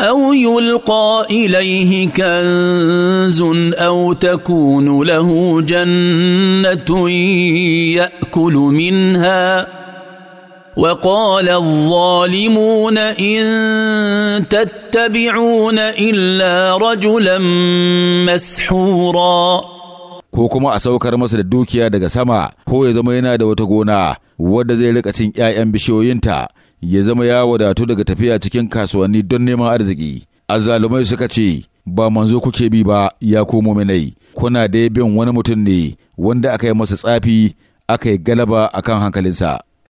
او يلقى اليه كنز او تكون له جنه ياكل منها وقال الظالمون ان تتبعون الا رجلا مسحورا ko kuma a saukar masa da dukiya daga sama ko ya zama yana da wata gona wadda zai rika cin 'ya'yan bishiyoyinta ya zama ya wadatu daga tafiya cikin kasuwanni don neman arziki azzalumai suka ce ba manzo kuke bi ba ya komo minai kuna dai bin wani mutum ne wanda aka yi masa tsafi aka yi galaba akan hankalinsa